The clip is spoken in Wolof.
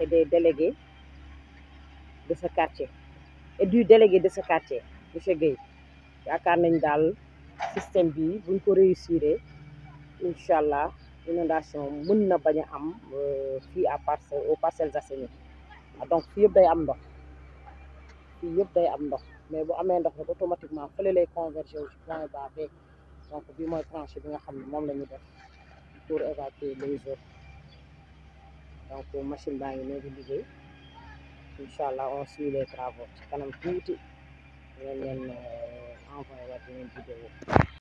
et des délégués de ce quartier et du délégué de ce quartier monsieur Guèye Yakar nañ dal système bi buñ ko réussir inondation mën na euh, à aux Parcelles ah, donc fi day am ndox day mais bu ndox automatiquement converger point donc tranché bi nga pour les donc machine baa ngi nii di liggéey incha allah on suit les travaux ci kanam tuuti leen leen euh, envoyé waat yeneen vidéo